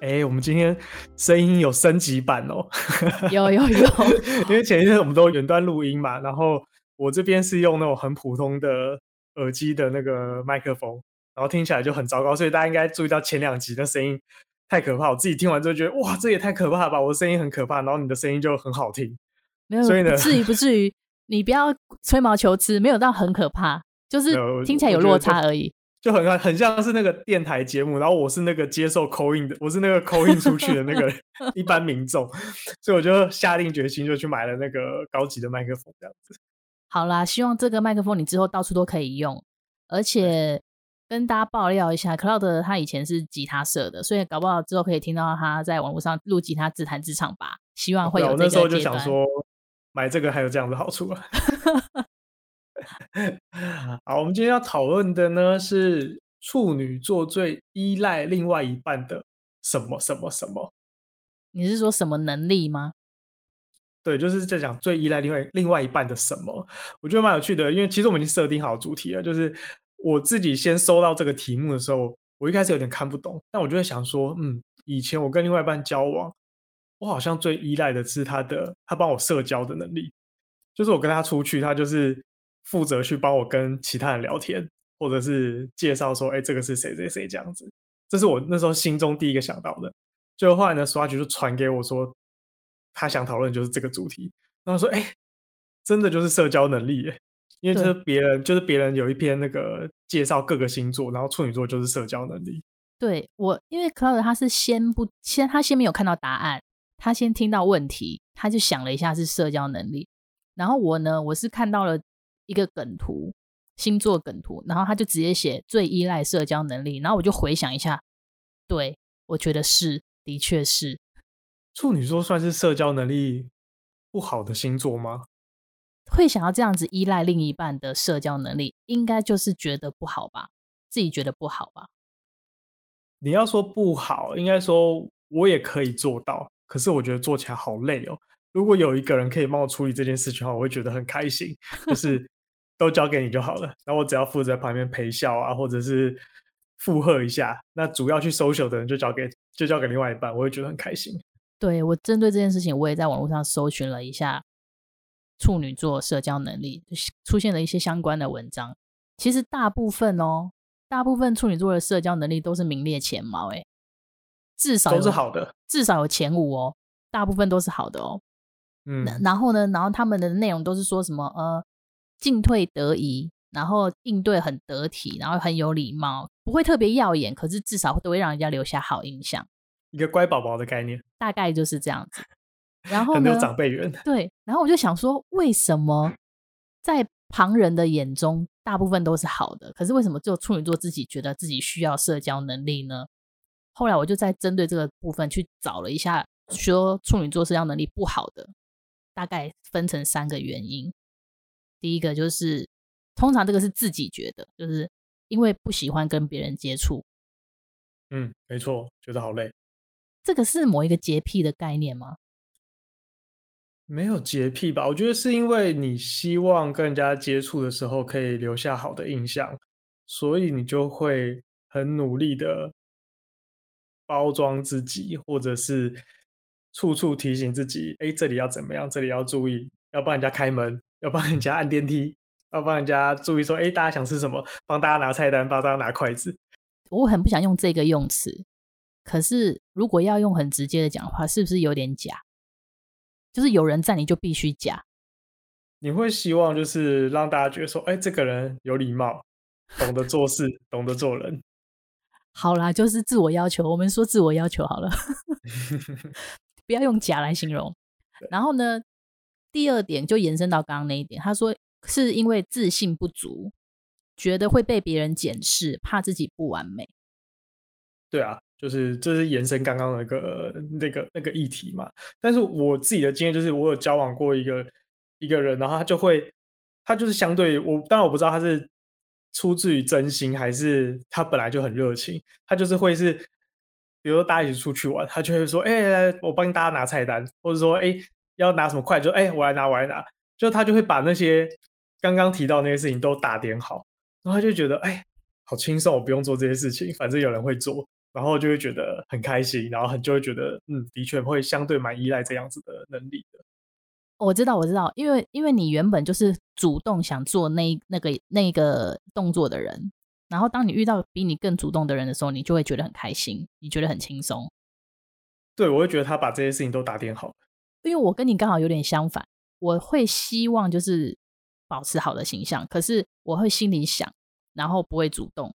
哎、欸，我們今天聲音有升級版哦！有有有，有 因為前一陣我們都遠端錄音嘛，然後我這邊是用那種很普通的耳機的那個麥克風，然後聽起來就很糟糕，所以大家應該注意到前兩集的聲音太可怕。我自己聽完之後覺得，哇，這也太可怕了吧！我的聲音很可怕，然後你的聲音就很好聽，沒有，所以呢，不至於不至於，你不要吹毛求疵，沒有到很可怕，就是聽起來有落差而已。嗯就很很像是那個電台節目，然後我是那個接受 call in 的，我是那個 call in 出去的那個一般民眾， 所以我就下定決心就去買了那個高級的麥克風，這樣子。好啦，希望這個麥克風你之後到處都可以用，而且跟大家爆料一下，Cloud 他以前是吉他社的，所以搞不好之後可以聽到他在網絡上錄吉他自彈自唱吧。希望會有這個階段、哦啊、我那時候就想說買這個還有這樣的好處啊。 好，我們今天要討論的呢，是處女座最依賴另外一半的什麼什麼什麼？你是說什麼能力嗎？對，就是在講最依賴另外另外一半的什麼？我覺得蠻有趣的，因為其實我們已經設定好主題了。就是我自己先收到這個題目的時候，我一開始有點看不懂，但我就在想說，嗯，以前我跟另外一半交往，我好像最依賴的是他的，他幫我社交的能力，就是我跟他出去，他就是。負責去幫我跟其他人聊天，或者是介紹說：“哎、欸，這個是誰誰誰這樣子？”這是我那時候心中第一個想到的。就後來呢，刷局就傳給我說，他想討論就是這個主題。然後說：“哎、欸，真的就是社交能力耶，因為就是別人就是別人有一篇那個介紹各個星座，然後處女座就是社交能力。對”對我，因為 Cloud 他是先不先，他先沒有看到答案，他先聽到問題，他就想了一下是社交能力。然後我呢，我是看到了。一個梗圖，星座梗圖，然後他就直接寫最依賴社交能力，然後我就回想一下，對我覺得是，的確是。處女座算是社交能力不好的星座嗎？會想要這樣子依賴另一半的社交能力，應該就是覺得不好吧，自己覺得不好吧。你要說不好，應該說我也可以做到，可是我覺得做起來好累哦。如果有一個人可以幫我處理這件事情的話，我會覺得很開心，就是。 都交給你就好了，那我只要負責在旁邊陪笑啊，或者是附和一下。那主要去 social 的人就交給就交給另外一半，我也覺得很開心。對，我針對這件事情，我也在網絡上搜尋了一下處女座社交能力，出現了一些相關的文章。其實大部分哦，大部分處女座的社交能力都是名列前茅，誒至少都是好的，至少有前五哦，大部分都是好的哦。嗯，然後呢，然後他們的內容都是說什麼呃。進退得宜，然後應對很得體，然後很有禮貌，不會特別耀眼，可是至少都會讓人家留下好印象。一個乖寶寶的概念，大概就是這樣子。然後呢，很有長輩緣。對，然後我就想說，為什麼在旁人的眼中，大部分都是好的，可是為什麼只有處女座自己覺得自己需要社交能力呢？後來我就在針對這個部分去找了一下，說處女座社交能力不好的，大概分成三個原因。第一個就是，通常這個是自己覺得，就是因為不喜歡跟別人接觸，嗯，沒錯，覺得好累。這個是某一個潔癖的概念嗎？沒有潔癖吧？我覺得是因為你希望跟人家接觸的時候可以留下好的印象，所以你就會很努力的包裝自己，或者是處處提醒自己，欸，這裡要怎麼樣？這裡要注意，要幫人家開門。要幫人家按電梯，要幫人家注意說，哎，大家想吃什麼？幫大家拿菜單，幫大家拿筷子。我很不想用這個用詞，可是如果要用很直接的講話，是不是有點假？就是有人在，你就必須假。你會希望就是讓大家覺得說，哎，這個人有禮貌，懂得做事， 懂得做人。好啦，就是自我要求，我們說自我要求好了， 不要用假來形容。 然後呢？第二點就延伸到剛剛那一點，他說是因為自信不足，覺得會被別人檢視，怕自己不完美。對啊，就是這、就是延伸剛剛的那個那個那個議題嘛。但是我自己的經驗就是，我有交往過一個一個人，然後他就會，他就是相對我，當然我不知道他是出自於真心還是他本來就很熱情，他就是會是，比如說大家一起出去玩，他就會說：“哎、欸，來，我幫大家拿菜單。”或者說：“哎、欸。”要拿什麼快就哎、欸，我來拿，我來拿。就他就會把那些剛剛提到那些事情都打點好，然後他就覺得哎、欸，好輕鬆，我不用做這些事情，反正有人會做，然後就會覺得很開心，然後很就會覺得嗯，的確會相對蠻依賴這樣子的能力的。我知道，我知道，因為因為你原本就是主動想做那那個那個動作的人，然後當你遇到比你更主動的人的時候，你就會覺得很開心，你覺得很輕鬆。對，我會覺得他把這些事情都打點好。因為我跟你剛好有點相反，我會希望就是保持好的形象，可是我會心裡想，然後不會主動。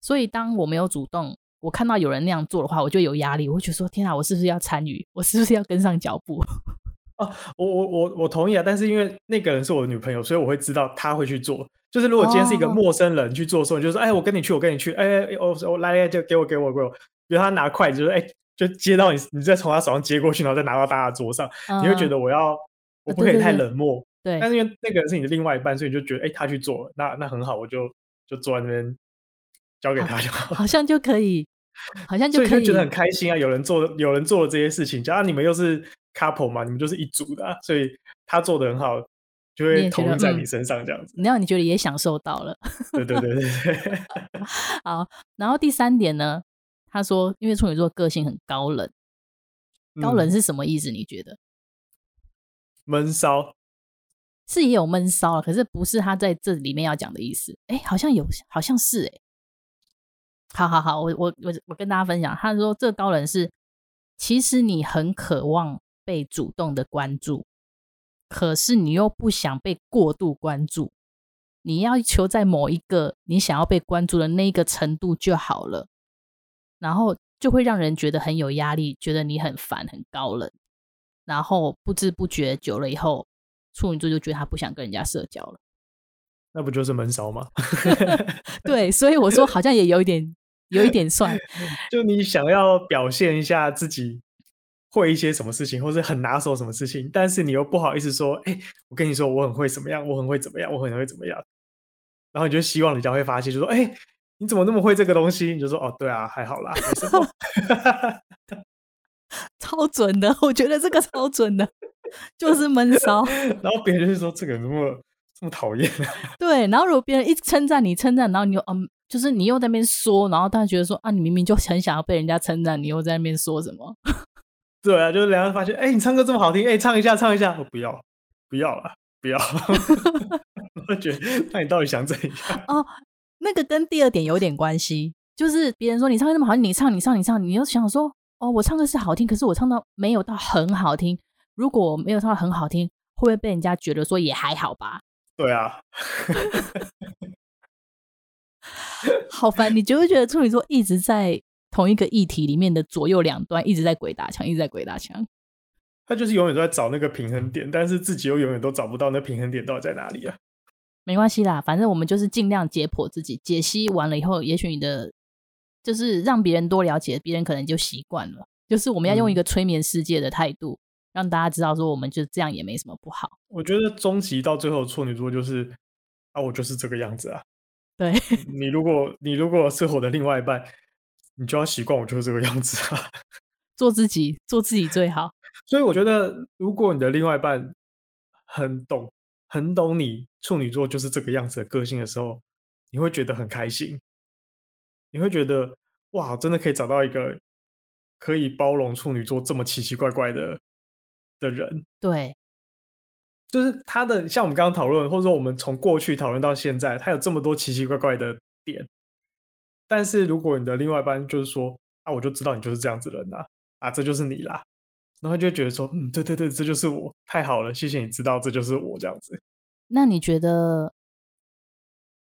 所以當我沒有主動，我看到有人那樣做的話，我就有壓力。我就說：天啊，我是不是要參與？我是不是要跟上腳步？啊、我我我我同意啊！但是因為那個人是我的女朋友，所以我會知道他會去做。就是如果今天是一個陌生人去做的時候，哦、你就說：哎，我跟你去，我跟你去。哎，我、哎、我、哎哦、來就、哎、給我給我給我，給我。比如他拿筷子，就是哎。就接到你，你再從他手上接過去，然後再拿到大家桌上，嗯、你會覺得我要我不可以太冷漠，嗯、對，對，對，對。但是因為那個人是你的另外一半，所以你就覺得，哎、欸，他去做了，那那很好，我就就坐在那邊交給他就好，好，好像就可以，好像就可以， 所以就覺得很開心啊。有人做了，有人做了這些事情，假如你們又是 couple 嘛，你們就是一組的，啊，所以他做的很好，就會投入在你身上這樣子，那樣、嗯、你，你覺得也享受到了。 對對對對，對， 好。然後第三點呢？他說：“因為處女座個性很高冷、嗯，高冷是什麼意思你覺得？悶騷，是也有悶騷啊，可是不是他在這裡面要講的意思。哎、欸，好像有，好像是哎、欸。好好好，我我我我跟大家分享。他說這高冷是，其實你很渴望被主動的關注，可是你又不想被過度關注。你要求在某一個你想要被關注的那一個程度就好了。”然後就會讓人覺得很有壓力，覺得你很煩、很高冷。然後不知不覺久了以後，處女座就覺得他不想跟人家社交了。那不就是悶騷嗎？ 對，所以我說好像也有一點， 有一點算。 就你想要表現一下自己，會一些什麼事情，或是很拿手什麼事情，但是你又不好意思說。哎、欸，我跟你說，我很會怎麼樣，我很會怎麼樣，我很會怎麼樣。然後你就希望人家會發現，就說哎。欸你怎麼那麼會這個東西？你就說哦，對啊，還好啦， 超準的，我覺得這個超準的， 就是悶門騷。 然後別人就是說這個人怎麼這麼討厭、啊、對，然後如果別人一直稱讚你，稱讚，然後你又嗯，就是你又在那邊說，然後大家覺得說啊，你明明就很想要被人家稱讚你，你又在那邊說什麼？ 對啊，就是兩個人發現，哎、欸，你唱歌這麼好聽，哎、欸，唱一下，唱一下，我、哦、不要，不要了，不要。我覺得，那你到底想怎樣？ 哦。那個跟第二點有點關係，就是別人說你唱歌那麼好，你唱你唱你唱，你又想說哦，我唱的是好聽，可是我唱到沒有到很好聽。如果沒有唱到很好聽，會不會被人家覺得說也還好吧？對啊， 好煩！你覺不覺得處女座一直在同一個議題裡面的左右兩端一直在鬼打牆，一直在鬼打牆？他就是永遠都在找那個平衡點，但是自己又永遠都找不到那平衡點到底在哪裡啊？沒關係啦，反正我們就是盡量解剖自己，解析完了以後，也許你的就是讓別人多了解，別人可能就習慣了。就是我們要用一個催眠世界的態度，嗯，讓大家知道說，我們就這樣也沒什麼不好。我覺得終極到最後，處女座就是啊，我就是這個樣子啊。對，你如果你如果是我的另外一半，你就要習慣我就是這個樣子啊。做自己，做自己最好。所以我覺得，如果你的另外一半很懂，很懂你，處女座就是這個樣子的個性的時候，你會覺得很開心。你會覺得哇，真的可以找到一個可以包容處女座這麼奇奇怪怪的的人。對，就是他的，像我們剛剛討論，或者說我們從過去討論到現在，他有這麼多奇奇怪怪的點。但是如果你的另外一半就是說，啊，我就知道你就是這樣子的人啦，啊，啊，這就是你啦，然後就覺得說，嗯，對對對，這就是我，太好了，謝謝你知道這就是我這樣子。那你覺得，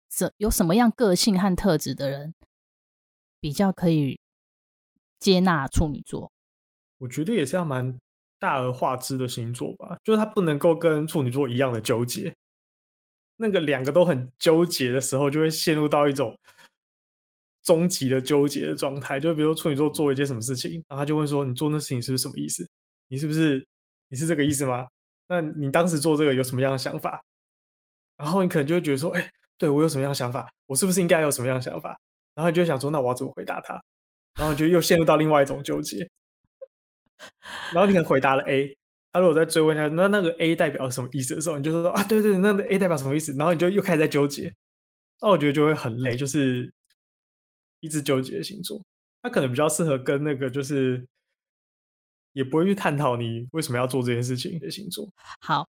什有什麼樣個性和特質的人比較可以接納處女座？我覺得也是要蠻大而化之的星座吧，就是他不能夠跟處女座一樣的糾結。那個兩個都很糾結的時候，就會陷入到一種終極的糾結的狀態。就比如說處女座做一件什麼事情，然後他就問說：“你做那事情是不是什麼意思？你是不是你是這個意思嗎？那你當時做這個有什麼樣的想法？”然後你可能就會覺得說，哎，對我有什麼樣的想法？我是不是應該有什麼樣的想法？然後你就想說，那我要怎麼回答他？然後就又陷入到另外一種糾結。然後你可能回答了 A，他如果再追問一下，那那個 A 代表什麼意思的時候，你就說啊，對對，那個 A 代表什麼意思？然後你就又開始在糾結。那我覺得就會很累，就是一直糾結的星座，他可能比較適合跟那個就是也不會去探討你為什麼要做這件事情的星座。好。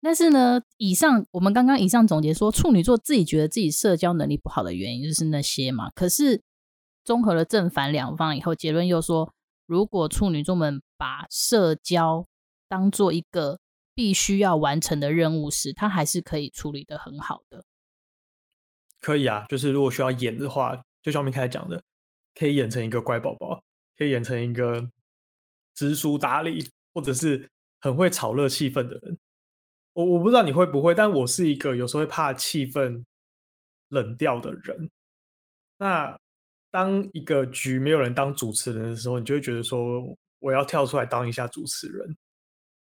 但是呢，以上我們剛剛以上總結說，處女座自己覺得自己社交能力不好的原因就是那些嘛。可是綜合了正反兩方以後，結論又說，如果處女座們把社交當做一個必須要完成的任務時，他還是可以處理得很好的。可以啊，就是如果需要演的話，就像我們開始講的，可以演成一個乖寶寶，可以演成一個知書達理，或者是很會炒熱氣氛的人。我我不知道你會不會，但我是一個有時候會怕氣氛冷掉的人。那當一個局沒有人當主持人的時候，你就會覺得說我要跳出來當一下主持人。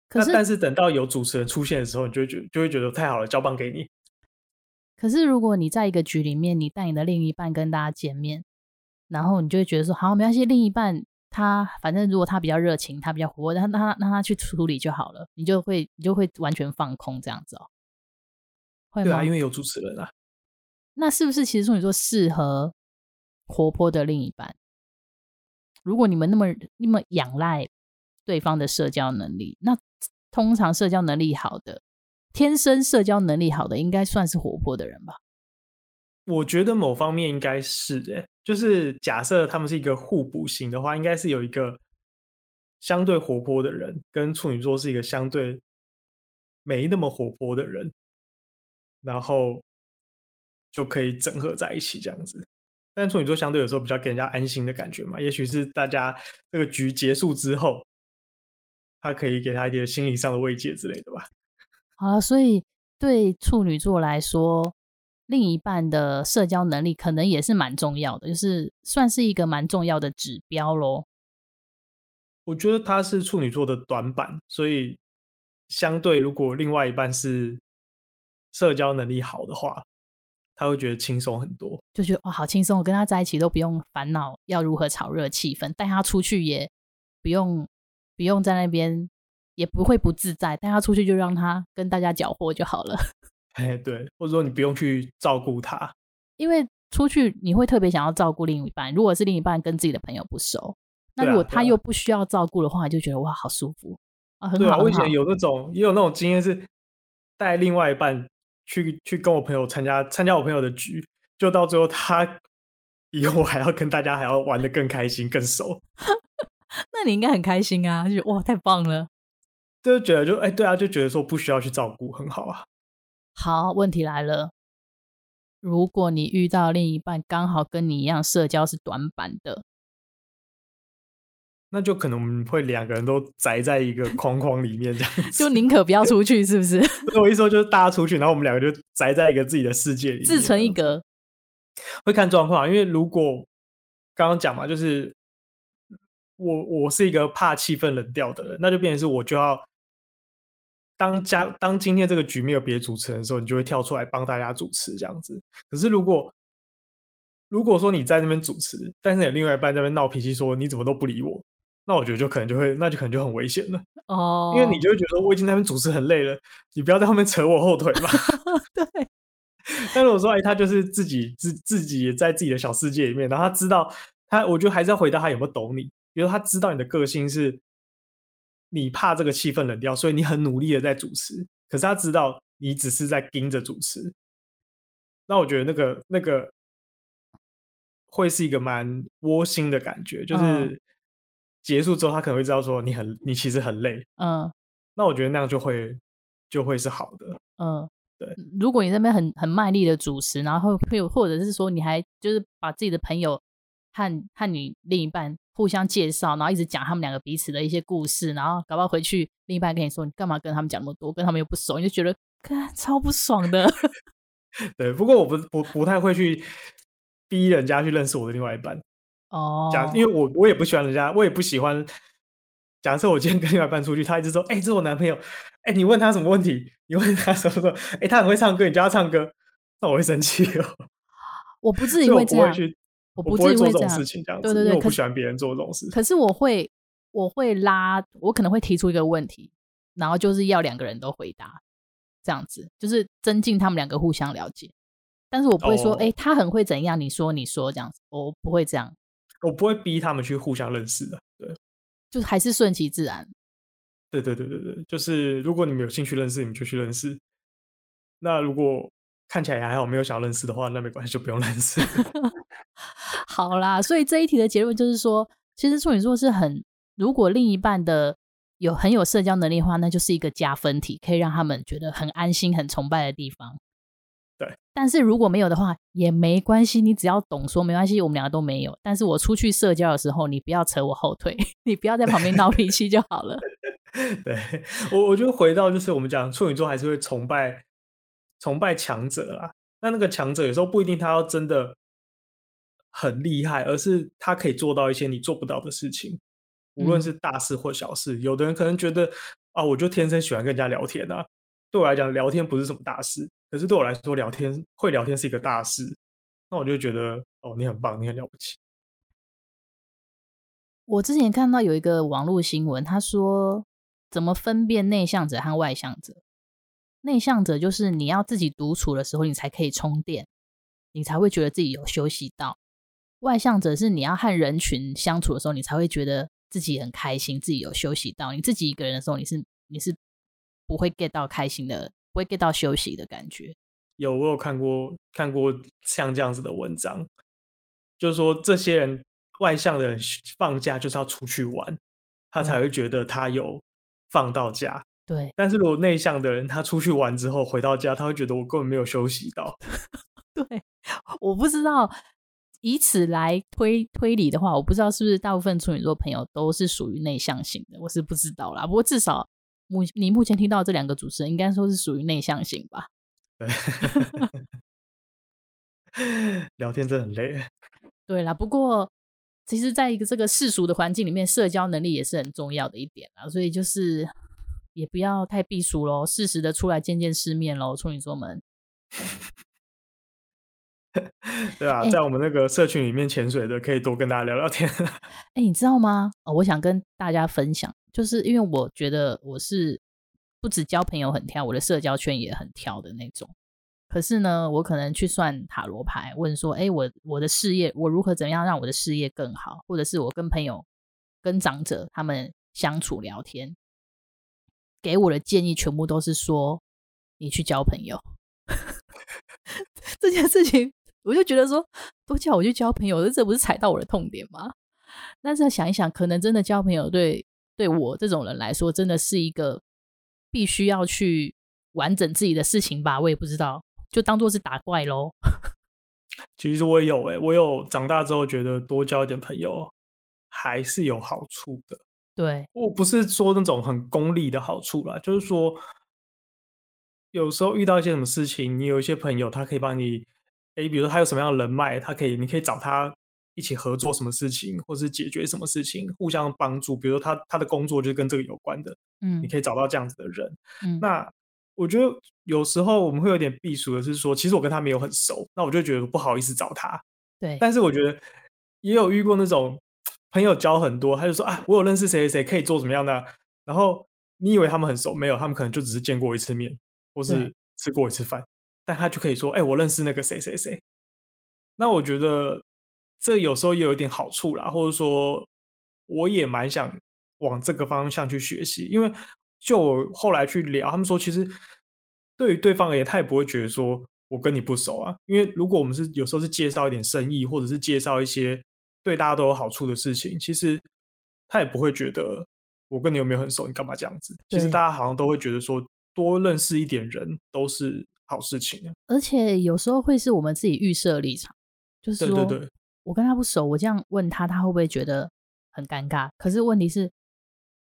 可是，但是等到有主持人出現的時候，你就覺就會覺得太好了，交棒給你。可是，如果你在一個局裡面，你帶你的另一半跟大家見面，然後你就會覺得說好，沒關係，另一半。他反正如果他比較熱情，他比較活潑，讓讓讓他去處理就好了。你就會你就會完全放空這樣子哦，會嗎？對啊，因為有主持人啊。那是不是其實處女座適合活潑的另一半？如果你們那麼那麼仰賴對方的社交能力，那通常社交能力好的、天生社交能力好的，應該算是活潑的人吧？我覺得某方面應該是的，就是假設他們是一個互補型的話，應該是有一個相對活潑的人跟處女座是一個相對沒那麼活潑的人，然後就可以整合在一起這樣子。但處女座相對有時候比較給人家安心的感覺嘛，也許是大家這個局結束之後，他可以給他一點心理上的慰藉之類的吧。好、啊、了，所以對處女座來說，另一半的社交能力可能也是蠻重要的，就是算是一個蠻重要的指標咯。我覺得他是處女座的短板，所以相對如果另外一半是社交能力好的話，他會覺得輕鬆很多，就覺得哇、哦、好輕鬆，我跟他在一起都不用煩惱要如何炒熱氣氛，帶他出去也不用不用在那邊也不會不自在，帶他出去就讓他跟大家攪和就好了。哎，對，或者說你不用去照顧他，因為出去你會特別想要照顧另一半。如果是另一半跟自己的朋友不熟，啊、那如果他又不需要照顧的話，啊、就覺得哇，好舒服啊，對啊，很好。我以前有那種也有那種經驗，是帶另外一半去去跟我朋友參加參加我朋友的局，就到最後他以後還要跟大家還要玩得更開心、更熟。 那你應該很開心啊，就哇，太棒了，就是覺得就哎、欸，對啊，就覺得說不需要去照顧，很好啊。好，問題來了。如果你遇到另一半剛好跟你一樣社交是短板的，那就可能我們會兩個人都宅在一個框框裡面，這樣 就寧可不要出去，是不是？ 所以我一說，就是大家出去，然後我們兩個就宅在一個自己的世界裡面，自成一格。會看狀況，因為如果剛剛講嘛，就是我我是一個怕氣氛冷掉的人，那就變成是我就要。當家當今天這個局面有別的主持人的時候，你就會跳出來幫大家主持這樣子。可是如果如果說你在那邊主持，但是你另外一半在那邊鬧脾氣說你怎麼都不理我，那我覺得就可能就會那就可能就很危險了哦，oh. 因為你就會覺得我已經在那邊主持很累了，你不要在後面扯我後腿嘛。 對。 但如果說哎、欸，他就是自己自自己也在自己的小世界裡面，然後他知道他，我覺得還是要回答他有沒有懂你，比如說他知道你的個性是。你怕這個氣氛冷掉，所以你很努力的在主持。可是他知道你只是在盯着主持，那我覺得那個那個會是一個蠻窩心的感覺。就是結束之後，他可能會知道說你很你其實很累。嗯，那我覺得那樣就會就會是好的。嗯，對。如果你那邊很很賣力的主持，然後會有或者是說你還就是把自己的朋友。和和你另一半互相介紹，然後一直講他們兩個彼此的一些故事，然後搞不好回去另一半跟你說：“你幹嘛跟他們講那麼多？跟他們又不熟，你就覺得超不爽的。”對，不過我不不不太會去逼人家去認識我的另外一半哦。Oh. 假因為我我也不喜歡人家，我也不喜歡。假設我今天跟另外一半出去，他一直說：“哎，這是我男朋友。”哎，你問他什麼問題？你問他什麼？哎，他很會唱歌，你叫他唱歌，那我會生氣哦。我不至於會這樣。我不，我不會做這種事情，這樣子。對對對，我不喜歡別人做這種事情。可是我會，我會拉，我可能會提出一個問題，然後就是要兩個人都回答，這樣子就是增進他們兩個互相了解。但是我不會說，哎、oh, 欸，他很會怎樣？你說，你說，你說這樣子，我不會這樣，我不會逼他們去互相認識的。對，就還是順其自然。對對對對對，就是如果你們有興趣認識，你們就去認識。那如果。看起來還好，沒有想要認識的話，那沒關係，就不用認識。 好啦，所以這一題的結論就是說，其實處女座是很，如果另一半的有很有社交能力的話，那就是一個加分題，可以讓他們覺得很安心、很崇拜的地方。對，但是如果沒有的話，也沒關係，你只要懂說沒關係，我們兩個都沒有。但是我出去社交的時候，你不要扯我後腿，你不要在旁邊鬧脾氣就好了。對我，我就回到就是我們講處女座還是會崇拜。崇拜強者啊，那那個強者有時候不一定他要真的很厲害，而是他可以做到一些你做不到的事情，無論是大事或小事，嗯。有的人可能覺得啊，我就天生喜歡跟人家聊天啊，對我來講聊天不是什麼大事，可是對我來說聊天、會聊天是一個大事。那我就覺得哦，你很棒，你很了不起。我之前看到有一個網絡新聞，他說怎麼分辨內向者和外向者。內向者就是你要自己獨處的時候，你才可以充電，你才會覺得自己有休息到；外向者是你要和人群相處的時候，你才會覺得自己很開心，自己有休息到。你自己一個人的時候，你是你是不會 get 到開心的，不會 get 到休息的感覺。有，我有看過看過像這樣子的文章，就是說，這些人外向的人放假就是要出去玩，他才會覺得他有放到假。嗯對，但是如果內向的人，他出去玩之後回到家，他會覺得我根本沒有休息到。對，我不知道以此來推推理的話，我不知道是不是大部分處女座朋友都是屬於內向型的，我是不知道啦，不過至少目你目前聽到這兩個主持人，應該說是屬於內向型吧。對 聊天真的很累。對啦，不過其實在一個這個世俗的環境裡面，社交能力也是很重要的一點啦。所以就是。也不要太閉俗嘍，適時的出來見見世面嘍。處女座們， 對吧、啊欸？在我們那個社群裡面潛水的，可以多跟大家聊聊天。哎 欸，你知道嗎、哦？我想跟大家分享，就是因為我覺得我是不止交朋友很挑，我的社交圈也很挑的那種。可是呢，我可能去算塔羅牌，問說：哎、欸，我我的事業，我如何怎樣讓我的事業更好？或者是我跟朋友、跟長者他們相處聊天。給我的建議全部都是說，你去交朋友 這件事情，我就覺得說，多叫我去交朋友，這不是踩到我的痛點嗎？但是想一想，可能真的交朋友對對我這種人來說，真的是一個必須要去完整自己的事情吧？我也不知道，就當做是打怪咯。其實我有誒、欸，我有長大之後覺得多交一點朋友還是有好處的。對，我不是說那種很功利的好處啦，就是說有時候遇到一些什麼事情，你有一些朋友，他可以幫你，哎，比如說他有什麼樣的人脈，他可以，你可以找他一起合作什麼事情，或是解決什麼事情，互相幫助。比如說他他的工作就是跟這個有關的，嗯，你可以找到這樣子的人。嗯，那我覺得有時候我們會有點閉俗的，是說其實我跟他沒有很熟，那我就覺得不好意思找他。對，但是我覺得也有遇過那種。朋友交很多，他就說啊，我有認識誰誰誰，可以做什麼樣的。然後你以為他們很熟，沒有，他們可能就只是見過一次面，或是吃過一次飯，嗯、但他就可以說，哎、欸，我認識那個誰誰誰。那我覺得這有時候也有一點好處啦，或者說我也蠻想往這個方向去學習，因為就我後來去聊，他們說其實對於對方而言，他也太不會覺得說我跟你不熟啊，因為如果我們是有時候是介紹一點生意，或者是介紹一些。對大家都有好處的事情，其實他也不會覺得我跟你有沒有很熟，你幹嘛這樣子？其實大家好像都會覺得說，多認識一點人都是好事情的。而且有時候會是我們自己預設立場，就是說，對對對，我跟他不熟，我這樣問他，他會不會覺得很尷尬？可是問題是，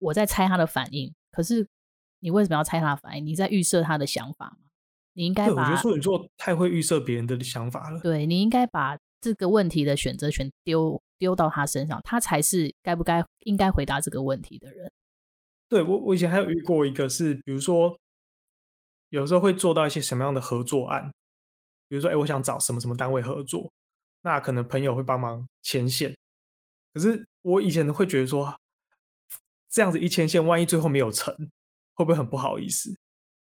我在猜他的反應。可是你為什麼要猜他的反應？你在預設他的想法嗎？你應該把，我覺得處女座太會預設別人的想法了。對，你應該把這個問題的選擇權丟。丟到他身上，他才是該不該應該回答這個問題的人。對我，我以前還有遇過一個是，是比如說，有時候會做到一些什麼樣的合作案，比如說，哎，我想找什麼什麼單位合作，那可能朋友會幫忙牽線。可是我以前會覺得說，這樣子一牽線，萬一最後沒有成，會不會很不好意思？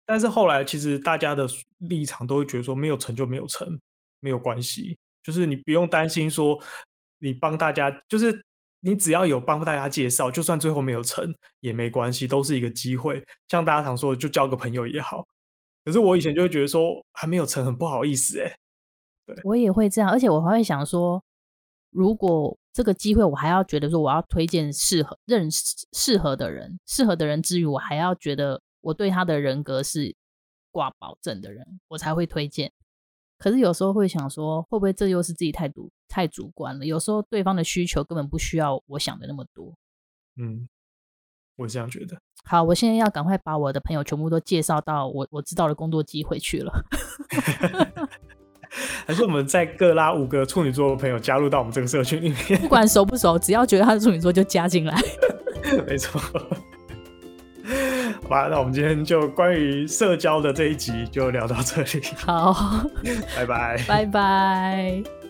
但是後來其實大家的立場都會覺得說，沒有成就沒有成，沒有關係，就是你不用擔心說。你幫大家，就是你只要有幫大家介紹，就算最後沒有成也沒關係，都是一個機會。像大家常說的，就交個朋友也好。可是我以前就會覺得說，還沒有成很不好意思欸。對，我也會這樣，而且我還會想說，如果這個機會我還要覺得說我要推薦適合認識適合的人，適合的人之餘，我還要覺得我對他的人格是掛保證的人，我才會推薦。可是有時候會想說，會不會這又是自己太獨、太主觀了？有時候對方的需求根本不需要我想的那麼多。嗯，我是這樣覺得。好，我現在要趕快把我的朋友全部都介紹到我我知道的工作機會去了。 還是我們再各拉五個處女座的朋友加入到我們這個社群裡面，不管熟不熟，只要覺得他是處女座就加進來。 沒錯。好吧，那我們今天就關於社交的這一集就聊到這裡。好， 拜拜， 拜拜。